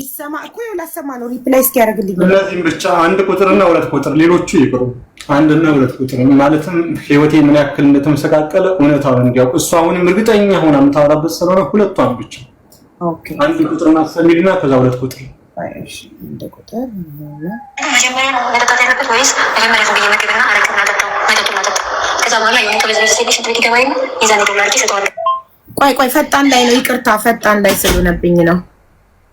ይሰማ እኮ ላሰማ ነው። ሪፕላይ እስኪያደርግልኝ ስለዚህም ብቻ አንድ ቁጥርና ሁለት ቁጥር ሌሎቹ ይቅሩ። አንድና ሁለት ቁጥር ማለትም ህይወቴ ምን ያክል እንደተመሰቃቀለ እውነታውን እሱ አሁንም እርግጠኛ ሆና የምታወራበት ስለሆነ ሁለቷን ብቻ አንድ ቁጥር ከዛ ሁለት ቁጥር ቆይ ቆይ፣ ፈጣን ላይ ነው ይቅርታ፣ ፈጣን ላይ ስለሆነብኝ ነው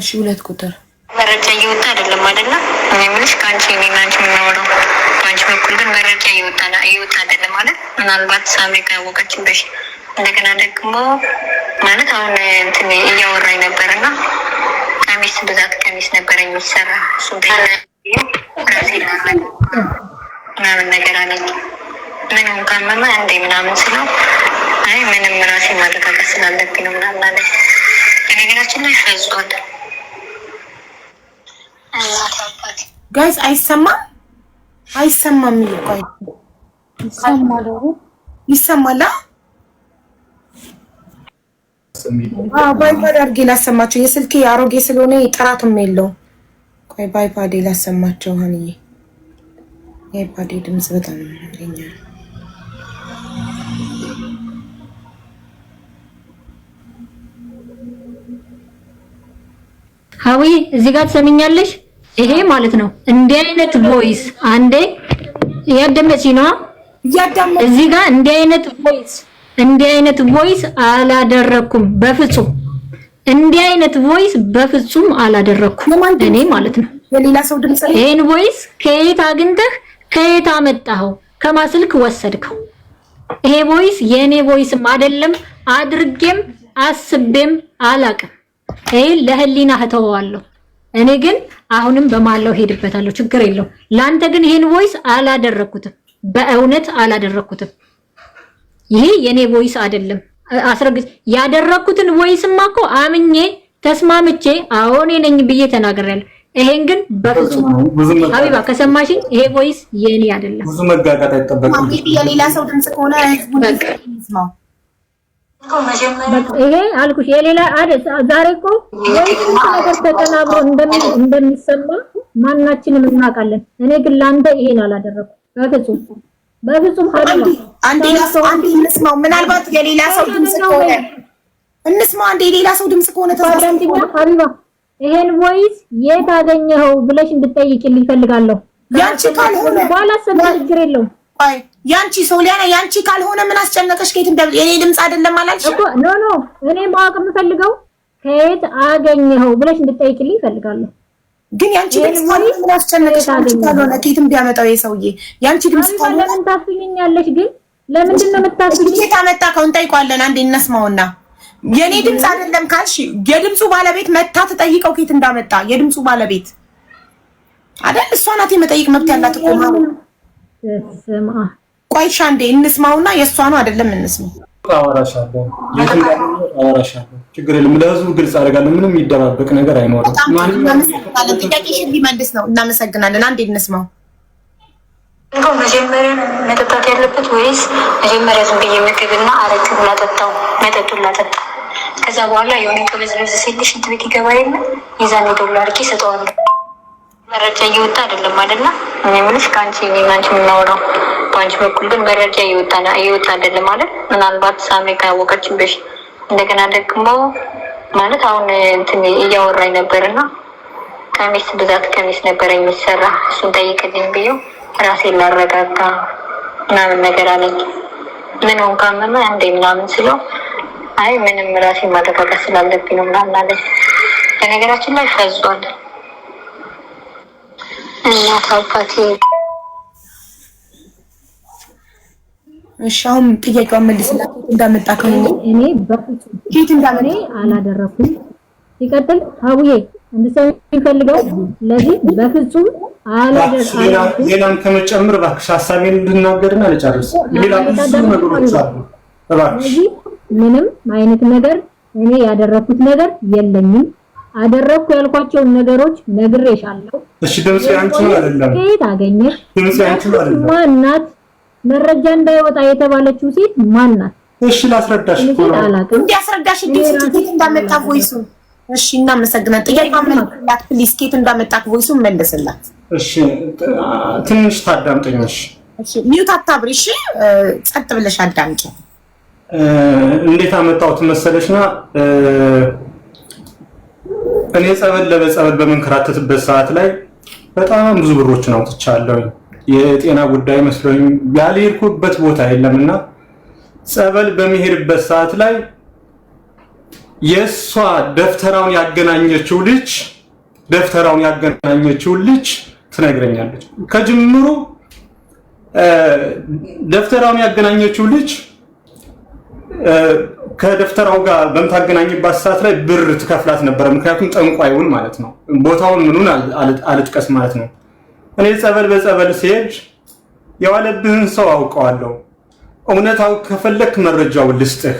እሺ ሁለት ቁጥር መረጃ እየወጣ አይደለም አይደለ? እኔ የምልሽ ከአንቺ እኔና ናንቺ የምናወራው በአንቺ በኩል ግን መረጃ እየወጣ እየወጣ አይደለም ማለት ምናልባት ሳሜ ካወቀችን በሽት እንደገና ደግሞ ማለት አሁን እንትን እያወራኝ ነበር እና ቀሚስ ብዛት ቀሚስ ነበረ የሚሰራ እሱ ምናምን ነገር አለኝ። ምንም ካመመ እንዴ ምናምን ስለው አይ ምንም ራሴ ማረጋገጥ ስላለብኝ ነው ምናምን አለ። በነገራችን ላይ ፈዟል ጋይስ አይሰማም፣ አይሰማም። ይቆይ ይሰማል፣ ይሰማል። ባይፓድ አድርጌ ላሰማቸው። የስልኬ አሮጌ ስለሆነ ጥራትም የለውም። ቆይ ባይፓዴ ላሰማቸው። ሀንዬ የባይፓዴ ድምጽ በጣም ይገኛል። ሀዊ እዚህ ጋር ትሰሚኛለሽ? ይሄ ማለት ነው። እንዲህ አይነት ቮይስ አንዴ እያደመጪ ነው። እዚህ ጋር እንዲህ አይነት ቮይስ እንዲህ አይነት ቮይስ አላደረኩም በፍጹም እንዲህ አይነት ቮይስ በፍጹም አላደረኩም እኔ ማለት ነው። የሌላ ሰው ድምጽ ይሄን ቮይስ ከየት አግኝተህ ከየት አመጣኸው? ከማስልክ ወሰድከው? ይሄ ቮይስ የኔ ቮይስም አይደለም። አድርጌም አስቤም አላቅም። ይሄ ለህሊና እተወዋለሁ። እኔ ግን አሁንም በማለው ሄድበታለሁ፣ ችግር የለው። ለአንተ ግን ይሄን ቮይስ አላደረግኩትም፣ በእውነት አላደረግኩትም። ይሄ የእኔ ቮይስ አይደለም። አስረግጬ ያደረግኩትን ቮይስማ እኮ አምኜ ተስማምቼ አዎ እኔ ነኝ ብዬ ተናግሬያለሁ። ይሄን ግን በፍጹም ሀቢባ ከሰማሽኝ፣ ይሄ ቮይስ የኔ አይደለም። ብዙ መጋጋት አይጠበቅም። የሌላ ሰው ድምጽ ከሆነ ህዝቡ ይሄ አልኩሽ የሌላ ዛሬ እኮ ወይ ነገር ተቀናብሮ እንደሚሰማ ማናችንም እናውቃለን። እኔ ግን ለአንተ ይሄን አላደረኩም በፍጹም በፍጹም። አንዴ እንስማው፣ ምናልባት የሌላ ሰው ድምፅ ከሆነ እንስማው። አንዴ የሌላ ሰው ድምፅ ከሆነ ሀቢባ፣ ይሄን ወይስ የት አገኘኸው ብለሽ እንድጠይቅልኝ ይፈልጋለሁ ያንቺ ካልሆነ ችግር የለውም ቆይ ያንቺ ሶሊያና ያንቺ ካልሆነ ምን አስጨነቀሽ? ከየት እንደ እኔ ድምፅ አይደለም አላልሽ እኮ ኖ ኖ። እኔ ማወቅ የምፈልገው ከየት አገኘኸው ብለሽ እንድጠይቅልኝ እፈልጋለሁ። ግን ያንቺ ድምፅ ካልሆነ ምን አስጨነቀሽ? ካልሆነ ከየት ከየትም ቢያመጣው የሰውዬ ያንቺ ድምፅ ካልሆነ ለምን ታስብኛለሽ? ግን ለምንድን ነው የምታስብኝ? ከየት አመጣ? ከሁን ጠይቋለን። አንዴ እነስማውና የኔ ድምፅ አይደለም ካልሽ የድምፁ ባለቤት መታ ተጠይቀው ከየት እንዳመጣ የድምፁ ባለቤት አይደል? እሷ ናት የመጠይቅ መብት ያላት እኮ ቆይሻ እንዴ እንስማውና የእሷ ነው አይደለም እንስማው። ለህዝቡ ግልጽ አደርጋለሁ። ምንም የሚደባበቅ ነገር አይኖርም። ጥያቄሽን ሊመልስ ነው። እናመሰግናለን። አንዴ እንስማው። እንደው መጀመሪያ መጠጣት ያለበት ወይስ መጀመሪያ ዝም ብዬ ምግብና አረቅ ላጠጣው፣ መጠጡን ላጠጣው፣ ከዛ በኋላ የሆነ ቅብዝብዝ ሲል ሽንት ቤት ይገባ የለ የዛን ዶላር ጌ ሰጠዋለሁ መረጃ እየወጣ አይደለም አይደለ? እኔ የምልሽ ከአንቺ እኔና የምናወራው በአንቺ በኩል ግን መረጃ እየወጣ አይደለም ማለት ምናልባት ሳሜ ካወቀችን በሽ እንደገና ደግሞ ማለት አሁን እንትን እያወራኝ ነበርና እና ከሚስ ብዛት ከሚስ ነበረ የሚሰራ እሱን ጠይቅልኝ ብዬው ራሴን ላረጋጋ ምናምን ነገር አለኝ። ምን ሆን ካመመ እንዴ ምናምን ስለው አይ ምንም ራሴን ማረጋጋት ስላለብኝ ነው ምናምን አለኝ። በነገራችን ላይ ፈዟል። እናት አባቴ። እሺ አሁን መልስላት። እንዳመጣ እኔ በፊት እንዳመኔ አላደረኩም። ሲቀጥል አቡዬ እንድሰው የሚፈልገው ለዚህ በፍጹም እባክሽ ሀሳቤን እንድናገርና ልጨርስ። ሌላ ብዙ ነገሮች አሉ። እባክሽ ምንም አይነት ነገር እኔ ያደረኩት ነገር የለኝም። አደረኩ ያልኳቸውን ነገሮች ነግሬሻለሁ። እሺ ድምጽ ያንቺ አይደለም። ከየት አገኘሽ? ድምጽ ያንቺ አይደለም። ማናት? መረጃ እንዳይወጣ የተባለችው ሴት ማናት? እሺ ላስረዳሽ እኮ ነው እንዲያስረዳሽ እንዴ ሴት እንዳመጣ ቮይሱ። እሺ እናመሰግናለን። ጥያቄ መልክላት ፕሊስ። ኬት እንዳመጣ ቮይሱ መልስላት። እሺ ትንሽ ታዳምጠኛሽ። እሺ ሚውት አታብሪ። እሺ ጸጥ ብለሽ አዳምጪ። እንዴት አመጣሁት መሰለሽና እኔ ጸበል ለበጸበል በመንከራተትበት ሰዓት ላይ በጣም ብዙ ብሮችን አውጥቻለሁ። የጤና ጉዳይ መስሎኝ ያልሄድኩበት ቦታ የለምና ጸበል በሚሄድበት ሰዓት ላይ የእሷ ደብተራውን ያገናኘችው ልጅ ደብተራውን ያገናኘችው ልጅ ትነግረኛለች። ከጅምሩ ደብተራውን ያገናኘችው ልጅ ከደፍተራው ጋር በምታገናኝባት ሰዓት ላይ ብር ትከፍላት ነበረ። ምክንያቱም ጠንቋይውን ማለት ነው፣ ቦታውን ምኑን አልጥቀስ ማለት ነው። እኔ ጸበል በጸበል ሲሄድ የዋለብህን ሰው አውቀዋለሁ። እውነታው ከፈለክ መረጃው ልስጥህ።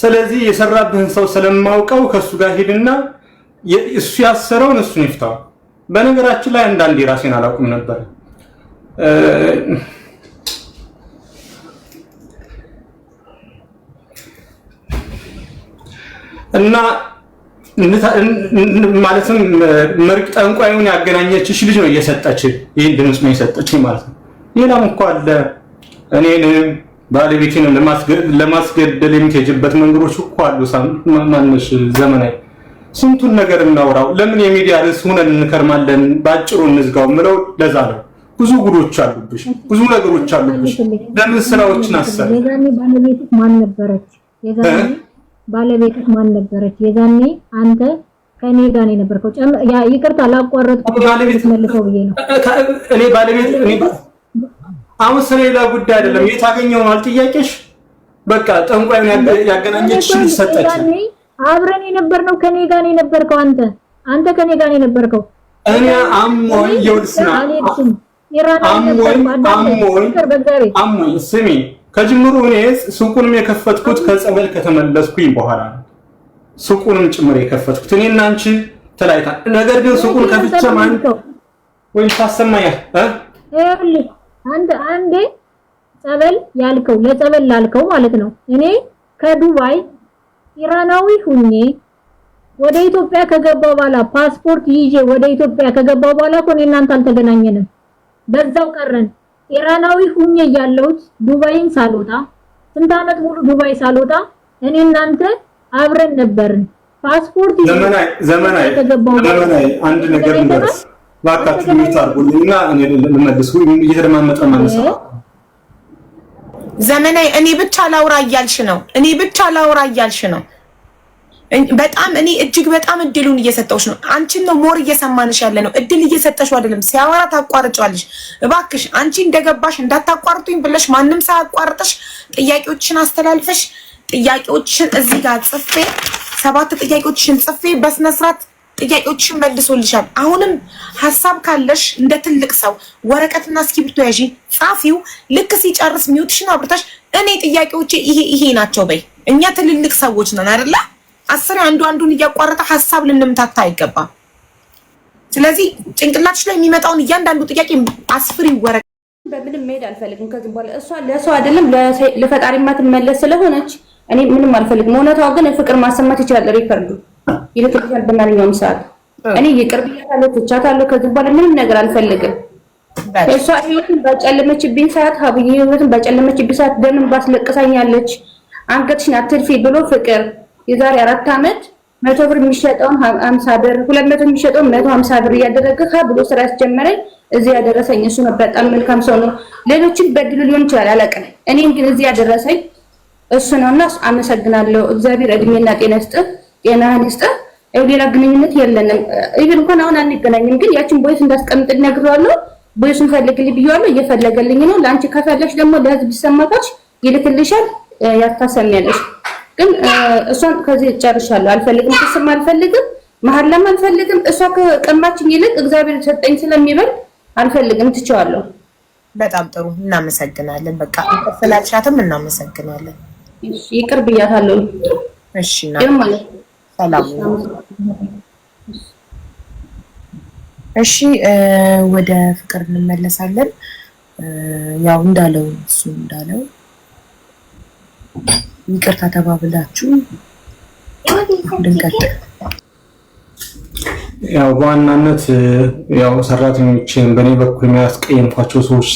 ስለዚህ የሰራብህን ሰው ስለማውቀው ከእሱ ጋር ሄድና እሱ ያሰረውን እሱን ይፍታው። በነገራችን ላይ አንዳንዴ ራሴን አላውቅም ነበር እና ማለትም መርቅ ጠንቋዩን ያገናኘችሽ ልጅ ነው እየሰጠች ይህን ድምፅ ነው የሰጠች ማለት ነው። ሌላም እኮ አለ። እኔንም ባለቤቴንም ለማስገደል የምትሄጅበት መንገዶች እኮ አሉ። ማነሽ ዘመናዊ ስንቱን ነገር እናውራው። ለምን የሚዲያ ርዕስ ሆነን እንከርማለን? በአጭሩ እንዝጋው ምለው ለዛ ነው። ብዙ ጉዶች አሉብሽ፣ ብዙ ነገሮች አሉብሽ። ለምን ስራዎችን አሰብ ባለቤት ማን ነበረች? የዛኔ አንተ ከኔ ጋር ነው የነበርከው። ያ ይቅርታ ላቋረጥኩት መልሰው ብዬ ነው እኔ ባለቤት እኔ አሁን ስለ ሌላ ጉዳይ አይደለም። የት አገኘው ነው ጥያቄሽ? በቃ ጠንቋይ ያገናኘች ሰጠች። አብረን የነበርነው ከኔ ጋር ነው የነበርከው። አንተ አንተ ከኔ ጋር ነው የነበርከው። እኔ አሞኝ ይውልስና አሞኝ አሞኝ አሞኝ ስሚ ከጅምሩ እኔ ሱቁንም የከፈትኩት ከጸበል ከተመለስኩኝ በኋላ ነው። ሱቁንም ጭምር የከፈትኩት እኔ እና አንቺ ተለያይታል። ነገር ግን ሱቁን ከፍቼ ማን ወይም ታሰማኛል አንድ አንዴ ጸበል ያልከው ለጸበል ላልከው ማለት ነው። እኔ ከዱባይ ኢራናዊ ሁኜ ወደ ኢትዮጵያ ከገባው በኋላ ፓስፖርት ይዤ ወደ ኢትዮጵያ ከገባው በኋላ እኮ እኔ እናንተ አልተገናኘንም፣ በዛው ቀረን። ኢራናዊ ሁኜ ያለሁት ዱባይን ሳልወጣ ስንት ዓመት ሙሉ ዱባይ ሳልወጣ እኔ እናንተ አብረን ነበርን። ፓስፖርት ዘመናዊ ዘመናዊ ዘመናዊ አንድ ነገር እንደርስ ባካችሁ ይታርጉልኝና እኔ ልመልስ። ሁሉም እየተደማመጠ ማነሳ ዘመናዊ እኔ ብቻ ላውራ እያልሽ ነው። እኔ ብቻ ላውራ እያልሽ ነው። በጣም እኔ እጅግ በጣም እድሉን እየሰጠውሽ ነው። አንቺን ነው ሞር እየሰማንሽ ያለ ነው። እድል እየሰጠሽው አይደለም። ሲያወራ ታቋርጫለሽ። እባክሽ አንቺ እንደገባሽ እንዳታቋርጡኝ ብለሽ ማንም ሳያቋርጥሽ ጥያቄዎችን አስተላልፈሽ ጥያቄዎችን እዚህ ጋር ጽፌ ሰባት ጥያቄዎችን ጽፌ በስነስርዓት ጥያቄዎችን መልሶልሻል። አሁንም ሀሳብ ካለሽ እንደ ትልቅ ሰው ወረቀትና እስክሪብቶ ያዥ፣ ጻፊው። ልክ ሲጨርስ ሚውትሽን አብርታሽ እኔ ጥያቄዎች ይሄ ይሄ ናቸው በይ። እኛ ትልልቅ ሰዎች ነን አይደለ አስር አንዱ አንዱን እያቋረጠ ሀሳብ ልንምታታ አይገባም። ስለዚህ ጭንቅላትሽ ላይ የሚመጣውን እያንዳንዱ ጥያቄ አስፍሪ ይወረቅ። በምንም መሄድ አልፈልግም ከዚህ በኋላ እሷ ለሰው አይደለም ለፈጣሪ ማትመለስ ስለሆነች እኔ ምንም አልፈልግም። እውነቷ ግን ፍቅር ማሰማት ይችላል። ሪከርዱ ይልክልሻል በማንኛውም ሰዓት እኔ ይቅር ብያታለሁ፣ ትቻታለሁ። ከዚህ በኋላ ምንም ነገር አልፈልግም። እሷ ህይወትን በጨለመችብኝ ሰዓት ሀብዬ ህይወትን በጨለመችብኝ ሰዓት ደምን ባስለቅሳኛለች። አንገትሽን አትልፊ ብሎ ፍቅር የዛሬ አራት ዓመት መቶ ብር የሚሸጠውን ሀምሳ ብር ሁለት መቶ የሚሸጠውን መቶ ሀምሳ ብር እያደረገ ብሎ ስራ ያስጀመረኝ እዚህ ያደረሰኝ እሱ ነው። በጣም መልካም ሰው ነው። ሌሎችን በድሉ ሊሆን ይችላል አላውቅም። እኔም ግን እዚህ ያደረሰኝ እሱ ነው ነውና አመሰግናለሁ። እግዚአብሔር እድሜና ጤና ይስጥህ፣ ጤናህን ይስጥ። ያው ሌላ ግንኙነት የለንም። ይህን እንኳን አሁን አንገናኝም፣ ግን ያችን ቦይስ እንዳስቀምጥ ነግሬዋለሁ። ቦይሱን ፈልግልኝ ብዬዋለሁ። እየፈለገልኝ ነው። ለአንቺ ከፈለሽ ደግሞ ለህዝብ ይሰማታች ይልክልሻል፣ ያታሰሚያለሽ ግን እሷን ከዚህ እጨርሻለሁ። አልፈልግም፣ ክስም አልፈልግም፣ መሀላም አልፈልግም። እሷ ከቀማችኝ ይልቅ እግዚአብሔር ሰጠኝ ስለሚበል አልፈልግም፣ ትቼዋለሁ። በጣም ጥሩ እናመሰግናለን። በቃ ስላልሻትም እናመሰግናለን። ይቅር ብያታለሁ። እሺ ሰላም እሺ ወደ ፍቅር እንመለሳለን። ያው እንዳለው እሱ እንዳለው ይቅርታ ተባብላችሁ ድንቀጥ ያው በዋናነት ያው ሰራተኞችን በእኔ በኩል የሚያስቀየምኳቸው ሰዎች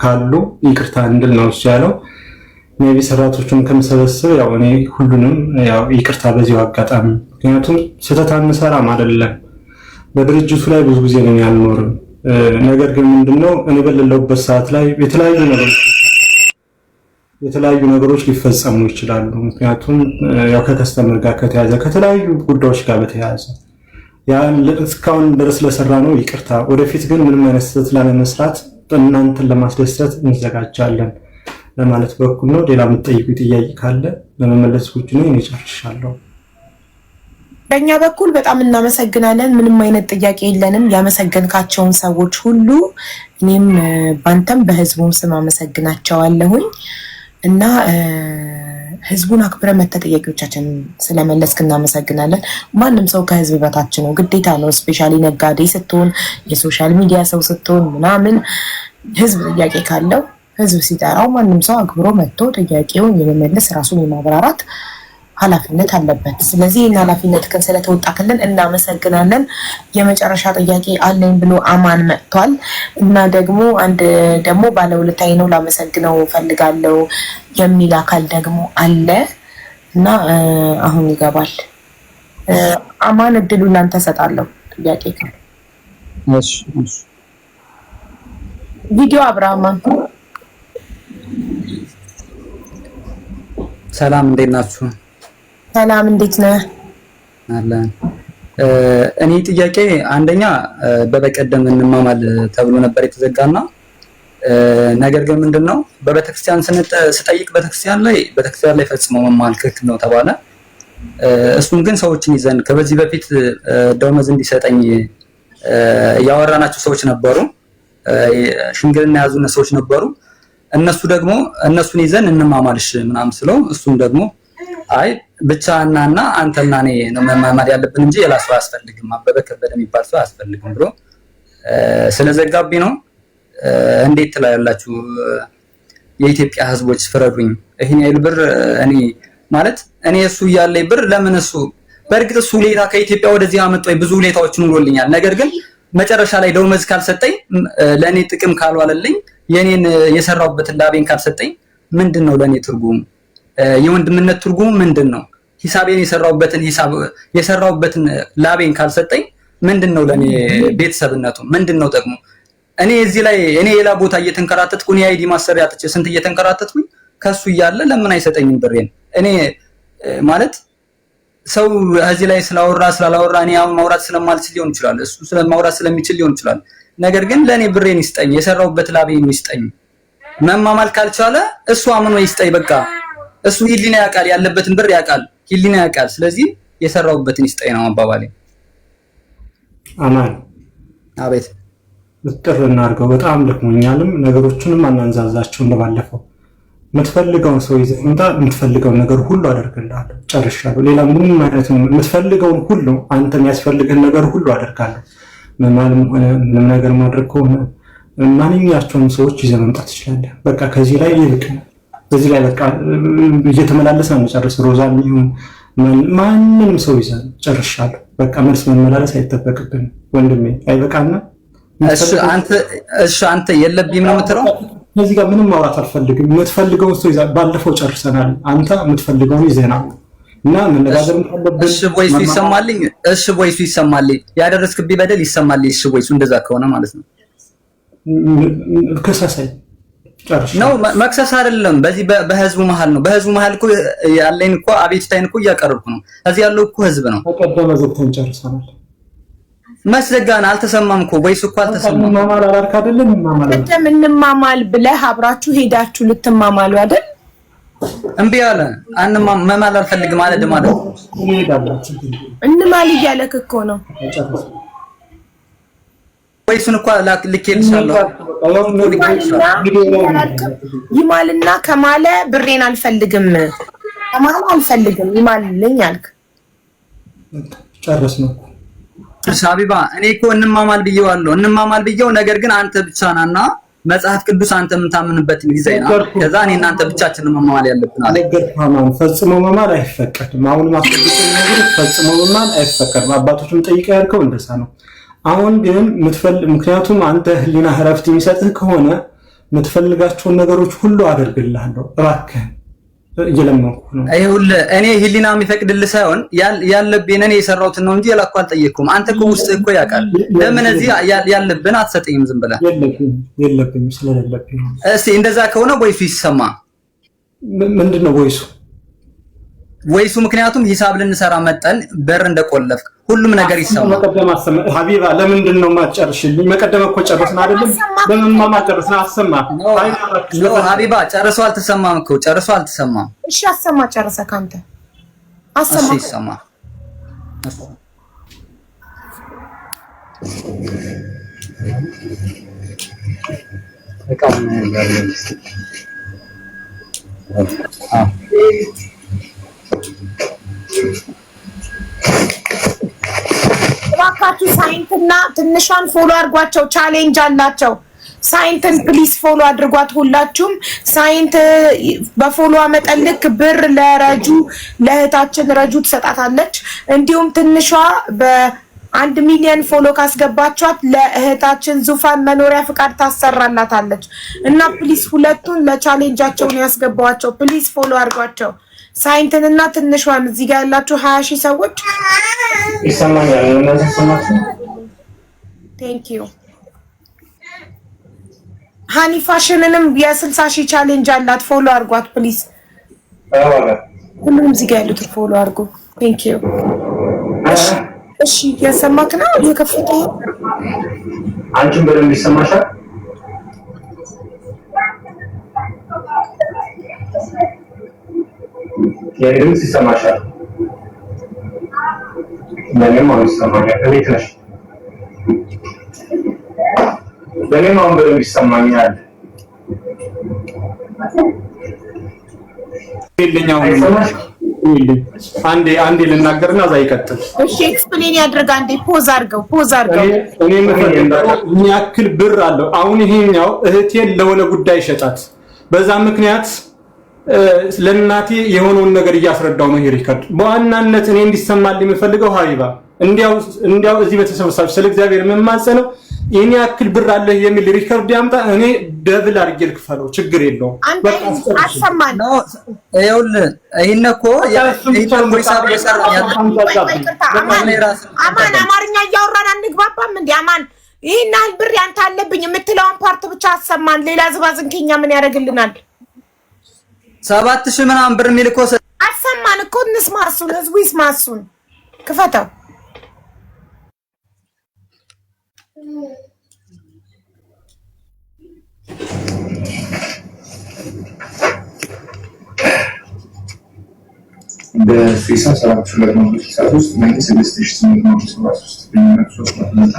ካሉ ይቅርታ እንድል ነው እሱ ያለው። ሜቢ ሰራቶቹን ከምሰበስብ ያው እኔ ሁሉንም ያው ይቅርታ በዚሁ አጋጣሚ ምክንያቱም ስህተት አንሰራም አይደለም። በድርጅቱ ላይ ብዙ ጊዜ ነው ያልኖርም። ነገር ግን ምንድነው እኔ በሌለሁበት ሰዓት ላይ የተለያዩ ነገሮች የተለያዩ ነገሮች ሊፈጸሙ ይችላሉ። ምክንያቱም ያው ከከስተመር ጋር ከተያዘ ከተለያዩ ጉዳዮች ጋር በተያያዘ እስካሁን ድረስ ለሰራ ነው ይቅርታ፣ ወደፊት ግን ምንም አይነት ስህተት ላለመስራት እናንተን ለማስደሰት እንዘጋጃለን ለማለት በኩል ነው። ሌላ የምትጠይቁ ጥያቄ ካለ ለመመለስ ጉጅ ነው። ይጨርሻለሁ። በእኛ በኩል በጣም እናመሰግናለን። ምንም አይነት ጥያቄ የለንም። ያመሰገንካቸውን ሰዎች ሁሉ እኔም ባንተም በህዝቡም ስም አመሰግናቸዋለሁኝ። እና ህዝቡን አክብረ መተ ጥያቄዎቻችን ስለመለስክ እናመሰግናለን። ማንም ሰው ከህዝብ በታች ነው፣ ግዴታ ነው። ስፔሻሊ ነጋዴ ስትሆን፣ የሶሻል ሚዲያ ሰው ስትሆን ምናምን ህዝብ ጥያቄ ካለው ህዝብ ሲጠራው ማንም ሰው አክብሮ መጥቶ ጥያቄውን የመመለስ ራሱን የማብራራት ኃላፊነት አለበት። ስለዚህ ይህን ኃላፊነት ግን ስለተወጣክልን እናመሰግናለን። የመጨረሻ ጥያቄ አለኝ ብሎ አማን መጥቷል እና ደግሞ አንድ ደግሞ ባለውለታዬ ነው ላመሰግነው ፈልጋለው የሚል አካል ደግሞ አለ እና አሁን ይገባል። አማን እድሉ ላንተ ሰጣለሁ። ጥያቄ ቪዲዮ አብርሃማን ሰላም እንዴት ናችሁ? ሰላም እንዴት ነህ? አለን። እኔ ጥያቄ አንደኛ በበቀደም እንማማል ተብሎ ነበር የተዘጋና ነገር ግን ምንድን ነው በቤተክርስቲያን ስጠይቅ ቤተክርስቲያን ላይ ቤተክርስቲያን ላይ ፈጽሞ መማል ክልክል ነው ተባለ። እሱም ግን ሰዎችን ይዘን ከበዚህ በፊት ደመወዝ እንዲሰጠኝ ያወራናቸው ሰዎች ነበሩ፣ ሽንግልና የያዙነ ሰዎች ነበሩ። እነሱ ደግሞ እነሱን ይዘን እንማማልሽ ምናምን ስለው እሱም ደግሞ አይ ብቻ እና እና አንተና እኔ ነው መማማር ያለብን እንጂ የላ ሰው አያስፈልግም፣ አበበ ከበደ የሚባል ሰው አያስፈልግም ብሎ ስለዘጋቢ ነው። እንዴት ትላላችሁ? የኢትዮጵያ ህዝቦች ፍረዱኝ። ይህን ያህል ብር እኔ ማለት እኔ እሱ እያለኝ ብር ለምን እሱ በእርግጥ እሱ ሁሌታ ከኢትዮጵያ ወደዚህ አመጣ ብዙ ሁሌታዎችን ውሎልኛል። ነገር ግን መጨረሻ ላይ ደውመዝ ካልሰጠኝ ለእኔ ጥቅም ካልዋለልኝ የኔን የሰራሁበትን ላቤን ካልሰጠኝ ምንድን ነው ለእኔ ትርጉሙ? የወንድምነት ትርጉሙ ምንድን ነው? ሂሳቤን የሰራሁበትን ሂሳብ የሰራሁበትን ላቤን ካልሰጠኝ ምንድን ነው ለኔ ቤተሰብነቱ ምንድን ነው ጠቅሞ? እኔ እዚህ ላይ እኔ ሌላ ቦታ እየተንከራተትኩ እኔ አይዲ ማሰሪያ ጥቼ ስንት እየተንከራተትኩኝ ከሱ እያለ ለምን አይሰጠኝም ብሬን? እኔ ማለት ሰው እዚህ ላይ ስላወራ ስላላወራ እኔ አሁን ማውራት ስለማልችል ሊሆን ይችላል፣ እሱ ስለማውራት ስለሚችል ሊሆን ይችላል። ነገር ግን ለእኔ ብሬን ይስጠኝ፣ የሰራሁበት ላቤን ይስጠኝ። መማማል ካልቻለ እሱ አምኖ ይስጠኝ በቃ እሱ ሂሊና ያውቃል፣ ያለበትን ብር ያውቃል፣ ሂሊና ያውቃል። ስለዚህ የሰራውበትን ይስጠኝ ነው አባባሌ። አማን አቤት። ምጥር እናድርገው። በጣም ደክሞኛልም። ነገሮችንም አናንዛዛቸው እንደባለፈው። የምትፈልገውን ሰው ይዘህ ምጣ። የምትፈልገውን ነገር ሁሉ አደርግልሃለሁ። ጨርሻለሁ። ሌላ ምንም አይነት የምትፈልገውን ሁሉ አንተ የሚያስፈልግህን ነገር ሁሉ አደርጋለሁ። መማልም ሆነ ምንም ነገር ማድረግ ከሆነ ማንኛቸውም ሰዎች ይዘህ መምጣት ትችላለህ። በቃ ከዚህ ላይ ይብቅ። በዚህ ላይ በቃ እየተመላለሰ ነው መጨረስ ሮዛ ይሁን ማንንም ሰው ይዛ ጨርሻለሁ። በቃ መልስ መመላለስ አይጠበቅብን ወንድሜ፣ አይበቃና እሺ፣ አንተ የለብኝም ነው የምትለው። ከዚህ ጋር ምንም ማውራት አልፈልግም። የምትፈልገውን ሰው ይዛ ባለፈው ጨርሰናል። አንተ የምትፈልገውን ይዘና እና መነጋገር ካለብን እሺ፣ ቦይሱ ይሰማልኝ። እሺ፣ ቦይሱ ይሰማልኝ። ያደረስክብኝ በደል ይሰማልኝ። እሺ፣ ቦይሱ እንደዛ ከሆነ ማለት ነው ክሰሰኝ ነው መክሰስ አይደለም። በዚህ በህዝቡ መሀል ነው። በህዝቡ መሀል እኮ ያለኝ እኮ አቤቱታዬን እኮ እያቀረብኩ ነው። እዚህ ያለው እኮ ህዝብ ነው። ተቀደመ ዘግተን ጨርሰናል። መስዘጋን አልተሰማም እኮ ወይስ እኮ አልተሰማም። እንማማል አላልክ አይደለም? እንማማል ቅድም እንማማል ብለህ አብራችሁ ሄዳችሁ ልትማማሉ አይደል? እምቢ አለ። አንማ መማል አልፈልግም አለ ማለት ነው። እንማል እያለክ እኮ ነው። ወይ እሱን እኮ ልኬልሻለሁ። ይማልና ከማለ ብሬን አልፈልግም ከማለ አልፈልግም ይማልልኝ አልክ። ጨረስ ነው ሻቢባ እኔ እኮ እንማማል ብዬዋለሁ እንማማል ብዬው፣ ነገር ግን አንተ ብቻ ናና መጽሐፍ ቅዱስ አንተ የምታምንበት ጊዜ ነው። ከዛ እኔ እናንተ ብቻችንን መማማል ያለብናል። ፈጽሞ መማር አይፈቀድም። አሁን ማስቀደስ ነገር ፈጽሞ መማር አይፈቀድም። አባቶችም ጠይቀው ያልከው እንደዛ ነው። አሁን ግን ምክንያቱም አንተ ህሊና እረፍት የሚሰጥህ ከሆነ የምትፈልጋቸውን ነገሮች ሁሉ አደርግልሃለሁ እባክህ እየለመንኩ ነው። እኔ ህሊና የሚፈቅድልህ ሳይሆን ያለብን እኔ የሰራሁትን ነው እንጂ የላኩ አልጠየቅኩም። አንተ እኮ ውስጥ እኮ ያውቃል። ለምን እዚህ ያለብን አትሰጠኝም? ዝም ብለህ የለብኝም ስለሌለብኝ። እስኪ እንደዛ ከሆነ ወይፊ ይሰማ ምንድን ነው ወይሱ ወይሱ ምክንያቱም ሂሳብ ልንሰራ መጠን በር እንደቆለፍ ሁሉም ነገር ይሰማል። ሀቢባ ለምንድን ነው የማትጨርሽልኝ? መቀደም እኮ ጨርስን አይደለም? ለምን ማጨርስን? አሰማ ሀቢባ ጨርሶ አልተሰማም እኮ ጨርሶ አልተሰማም። እሺ አሰማ ጨርሰ ካንተ አሰማ ይሰማ እቃ እባካችሁ ሳይንትና ትንሿን ፎሎ አድርጓቸው። ቻሌንጅ አላቸው። ሳይንትን ፕሊስ ፎሎ አድርጓት ሁላችሁም። ሳይንት በፎሎ መጠን ልክ ብር ለረጁ ለእህታችን ረጁ ትሰጣታለች። እንዲሁም ትንሿ በአንድ ሚሊዮን ፎሎ ካስገባችኋት ለእህታችን ዙፋን መኖሪያ ፍቃድ ታሰራላታለች እና ፕሊስ ሁለቱን ለቻሌንጃቸውን ያስገባዋቸው። ፕሊስ ፎሎ አድርጓቸው። ሳይንትንና ትንሿን እዚህ ጋር ያላችሁ ሀያ ሺህ ሰዎች ይሰማኛል። ቴንክ ዩ ሀኒ ፋሽንንም የስልሳ ሺህ ቻሌንጅ አላት። ፎሎ አድርጓት ፕሊዝ። ሁሉም እዚህ ያሉት ፎሎ አርጉ። ቴንክ ዩ። እሺ እያሰማክ ነው የከፍታ አንቺን በደንብ ይሰማሻል። የኔ ድምፅ ይሰማሻል? ለእኔም አሁን ይሰማኛል። እንዴት ነሽ? ለእኔም አሁን በደንብ ይሰማኛል። አንዴ ልናገርና እዛ ይቀጥል። እሺ፣ ኤክስፕሌን ያድርግ። አንዴ ፖዝ አድርገው፣ ፖዝ አድርገው። እኔ የሚያክል ብር አለው። አሁን ይሄኛው እህቴን ለሆነ ጉዳይ ሸጣት በዛ ምክንያት ለእናቴ የሆነውን ነገር እያስረዳው ነው። ሪከርድ በዋናነት እኔ እንዲሰማል የምፈልገው ሀቢባ እንዲያው እዚህ በተሰበሳቢ ስለ እግዚአብሔር ነው። ይህን ያክል ብር አለህ የሚል ሪከርድ ያምጣ። እኔ ደብል አድርጌ ልክፈለው፣ ችግር የለውም። አማን አማርኛ እያወራን አንግባባም። እንዲ አማን ይህን ያህል ብር ያንተ አለብኝ የምትለውን ፓርት ብቻ አሰማን። ሌላ ዝባዝንኬኛ ምን ያደርግልናል? ሰባት ሺህ ምናምን ብር የሚል እኮ አልሰማን እኮ እንስማ፣ እሱን ህዝቡ ይስማ። እሱን ክፈተው በስልሳ ሰባት ሁለት መቶ ስልሳ ሶስት መንግስት ስድስት ሺህ ስምንት መቶ ሰባ ሶስት ሶስት መቶ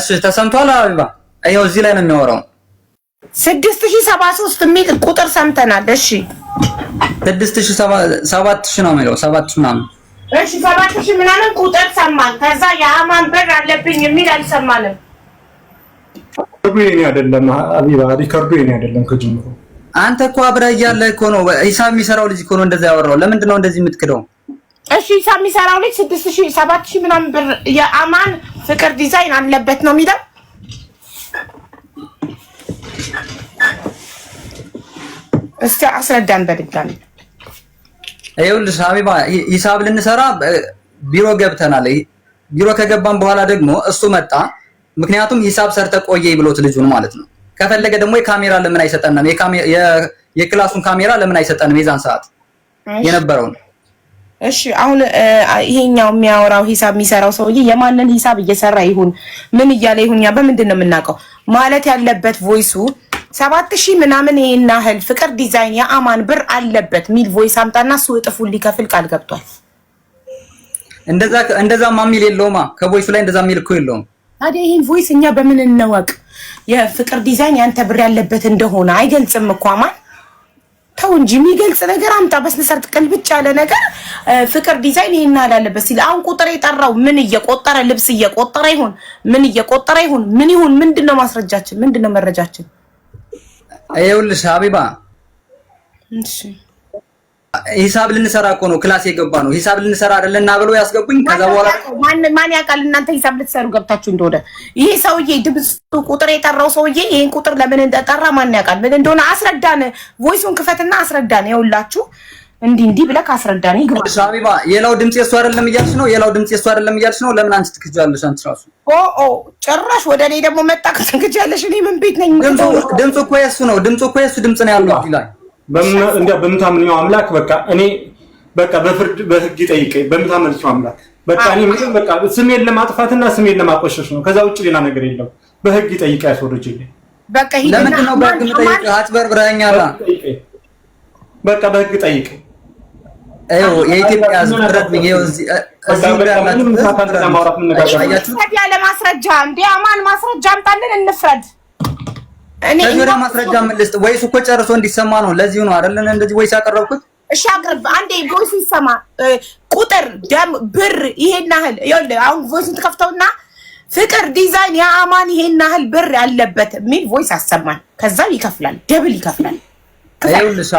እሺ ተሰምቷል። አቢባ ይኸው እዚህ ላይ ነው የሚያወራው። ስድስት ሺህ ሰባ የሚል ቁጥር ሰምተናል። እሺ ስድስት ሺህ ሰባት ሺህ ነው የሚለው ሰባት ሺህ ምናምን እሺ ሰባት ሺህ ምናምን ቁጥር ሰማን። ከዛ የአማን በር አለብኝ የሚል አልሰማንም። ሪከርዱ የኔ አይደለም አቢባ፣ ሪከርዱ የኔ አይደለም ከጀምሮ። አንተ እኮ አብረህ እያለህ እኮ ነው ሂሳብ የሚሰራው ልጅ እኮ ነው እንደዛ ያወራው። ለምንድን ነው እንደዚህ የምትክደው? እሺ ሂሳብ የሚሰራው ልጅ ስድስት ሺህ ሰባት ሺህ ምናምን ብር የአማን ፍቅር ዲዛይን አለበት ነው የሚለው። እስቲ አስረዳን በድጋሚ። ይኸውልሽ ሀቢባ ሂሳብ ልንሰራ ቢሮ ገብተናል። ቢሮ ከገባን በኋላ ደግሞ እሱ መጣ። ምክንያቱም ሂሳብ ሰርተ ቆየ ብሎት ልጁን ማለት ነው። ከፈለገ ደግሞ የካሜራ ለምን አይሰጠንም? የክላሱን ካሜራ ለምን አይሰጠንም? የዛን ሰዓት የነበረውን እሺ አሁን ይሄኛው የሚያወራው ሂሳብ የሚሰራው ሰውዬ የማንን ሂሳብ እየሰራ ይሁን ምን እያለ ይሁን፣ ያ በምንድን ነው የምናውቀው? ማለት ያለበት ቮይሱ ሰባት ሺህ ምናምን ይሄን ያህል ፍቅር ዲዛይን የአማን ብር አለበት ሚል ቮይስ አምጣና እሱ እጥፉን ሊከፍል ቃል ገብቷል። እንደዛ እንደዛማ ሚል የለውማ ከቮይሱ ላይ እንደዛ ሚል እኮ የለውም። ታዲያ ይሄን ቮይስ እኛ በምን እንወቅ? የፍቅር ዲዛይን ያንተ ብር ያለበት እንደሆነ አይገልጽም እኮ አማን ተው እንጂ የሚገልጽ ነገር አምጣ። በስነሰርት ቅልብጭ ያለ ነገር ፍቅር ዲዛይን ይህን አላለበት ሲል አሁን ቁጥር የጠራው ምን እየቆጠረ ልብስ እየቆጠረ ይሁን ምን እየቆጠረ ይሁን ምን ይሁን ምንድነው ማስረጃችን? ምንድነው መረጃችን? ይኸውልሽ ሀቢባ ሂሳብ ልንሰራ እኮ ነው ክላስ የገባ ነው። ሂሳብ ልንሰራ አይደለ እና ብለው ያስገቡኝ። ከዛ በኋላ ማን ማን ያውቃል እናንተ ሂሳብ ልትሰሩ ገብታችሁ እንደሆነ። ይሄ ሰውዬ ድምፅ ቁጥር የጠራው ሰውዬ ይሄን ቁጥር ለምን እንደጠራ ማን ያውቃል ምን እንደሆነ አስረዳን። ቮይሱን ክፈትና አስረዳን። ይኸውላችሁ እንዲህ እንዲህ ብለህ ካስረዳን ይግባ። ሻቢባ የላው ድምጽ የሱ አይደለም እያልሽ ነው። የላው ድምጽ የሱ አይደለም እያልሽ ነው። ለምን አንቺ ትክጃለሽ? አንቺ ራሱ ኦ ኦ ጭራሽ ወደ እኔ ደግሞ መጣ። ትክጃለሽ። እኔ ምን ቤት ነኝ? ድምፁ እኮ የሱ ነው። ድምፁ እኮ የሱ ድምጽ ነው ያለው ይላል በምታምነው አምላክ በቃ እኔ በቃ በፍርድ በህግ ይጠይቀኝ። በምታምነው አምላክ በቃ እኔ ምንም በቃ ስሜን ለማጥፋትና ስሜን ለማቆሸሽ ነው። ከዛ ውጭ ሌላ ነገር የለው። በህግ ይጠይቀኝ፣ ያስወርጅልኝ። በቃ ለምንድን ነው በህግ የምጠይቀው? አጭበርብረኸኛል። በቃ በህግ ጠይቀኝ። የኢትዮጵያ ህዝብ ፍረድብኝ። ለማስረጃ እንደ አማን ማስረጃ አምጣልን፣ እንፍረድ ከዙሪያ ማስረጃ ምን ልስጥ? ወይስ እኮ ጨርሶ እንዲሰማ ነው? ለዚሁ ነው አይደለን? እንደዚህ ወይስ ያቀረብኩት? እሺ አቅርብ። አንዴ ቮይስ ይሰማ። ቁጥር፣ ደም፣ ብር ይሄን ያህል ይኸውልህ። አሁን ቮይሱን ትከፍተውና ፍቅር ዲዛይን የአማን ይሄን ያህል ብር ያለበት የሚል ቮይስ አሰማን። ከዛ ይከፍላል፣ ደብል ይከፍላል።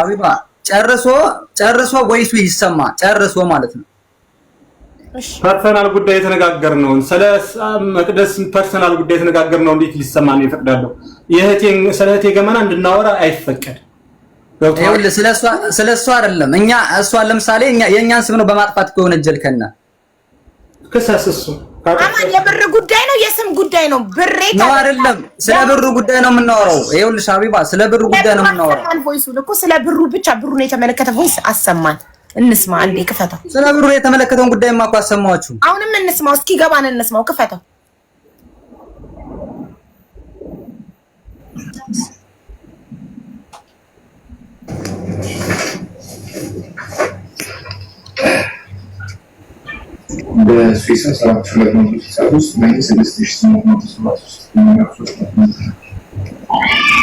ሀቢባ ጨርሶ ጨርሶ ይሰማ ጨርሶ ማለት ነው ፐርሰናል ጉዳይ የተነጋገርነውን ስለ መቅደስ ፐርሰናል ጉዳይ የተነጋገርነው እንዴት ሊሰማ ነው ይፈቅዳለሁ? ስለ እህቴ ገመና እንድናወራ አይፈቀድ። ስለ እሷ አይደለም እኛ እሷን ለምሳሌ የእኛን ስም ነው በማጥፋት ከሆነ ጀልከና ክሰስ እሱ የብር ጉዳይ ነው የስም ጉዳይ ነው ብሬ ነው አይደለም ስለ ብሩ ጉዳይ ነው የምናወራው ይኸውልሽ ሀቢባ ስለ ብሩ ጉዳይ ነው የምናወራው ስለ ብሩ ብቻ ብሩ የተመለከተ ቮይስ አሰማን እንስማ አንዴ፣ ክፈተው። ስለ ብሩ የተመለከተውን ጉዳይ ማኳ አሰማችሁ። አሁንም እንስማው እስኪ ገባን፣ እንስማው። ክፈተው። በስዊስ ሰባት ሁለት መቶ ስልሳ ሶስት ስድስት ሺህ ስምንት